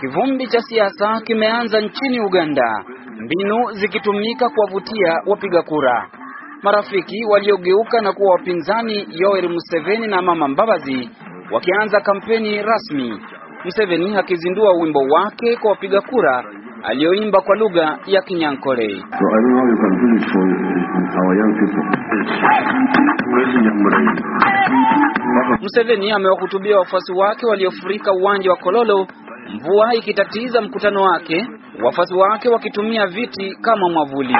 Kivumbi cha siasa kimeanza nchini Uganda, mbinu zikitumika kuwavutia wapiga kura. Marafiki waliogeuka na kuwa wapinzani, Yoweri Museveni na Mama Mbabazi, wakianza kampeni rasmi. Museveni akizindua wimbo wake kwa wapiga kura aliyoimba kwa lugha ya Kinyankore. Museveni amewahutubia wafuasi wake waliofurika uwanja wa Kololo, mvua ikitatiza mkutano wake, wafuasi wake wakitumia viti kama mwavuli.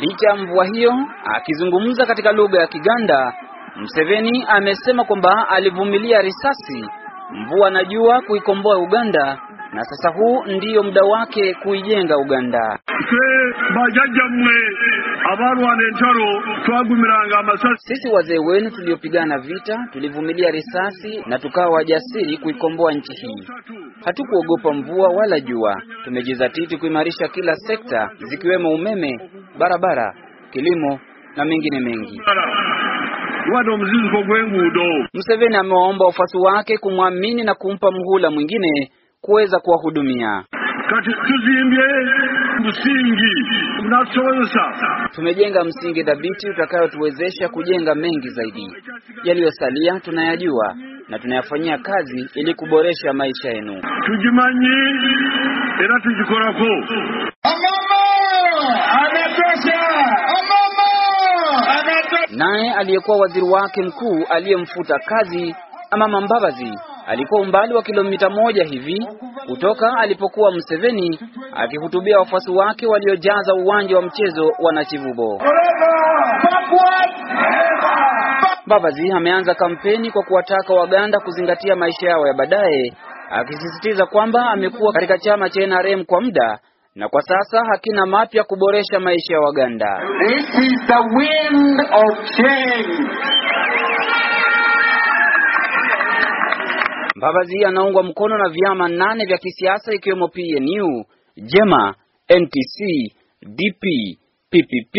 Licha ya mvua hiyo, akizungumza katika lugha ya Kiganda, Museveni amesema kwamba alivumilia risasi mvua na jua kuikomboa Uganda, na sasa huu ndiyo muda wake kuijenga Uganda. Sisi wazee wenu tuliopigana vita tulivumilia risasi na tukawa wajasiri kuikomboa nchi hii. Hatukuogopa mvua wala jua. Tumejizatiti kuimarisha kila sekta, zikiwemo umeme, barabara, kilimo na mengine mengi. Museveni amewaomba wafuasi wake kumwamini na kumpa mhula mwingine kuweza kuwahudumia. Tumejenga msingi dhabiti utakayotuwezesha kujenga mengi zaidi. Yaliyosalia tunayajua na tunayafanyia kazi ili kuboresha maisha yenu. Naye aliyekuwa waziri wake mkuu aliyemfuta kazi Amama Mbabazi alikuwa umbali wa kilomita moja hivi kutoka alipokuwa mseveni akihutubia wafuasi wake waliojaza uwanja wa mchezo wa Nachivubo. Mbabazi ameanza kampeni kwa kuwataka Waganda kuzingatia maisha yao ya baadaye, akisisitiza kwamba amekuwa katika chama cha NRM kwa muda na kwa sasa hakina mapya kuboresha maisha ya Waganda. This is the wind of change. Mbabazi anaungwa mkono na vyama nane vya kisiasa ikiwemo PNU, Jema, NTC, DP, PPP,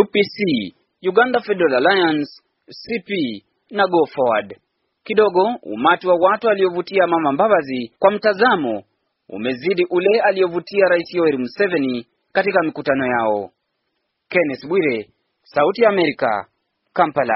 UPC, Uganda Federal Alliance, CP na Go Forward. Kidogo umati wa watu aliovutia mama Mbabazi kwa mtazamo umezidi ule aliyovutia Rais Yoweri Museveni katika mikutano yao. Kenneth Bwire, Sauti ya Amerika, Kampala.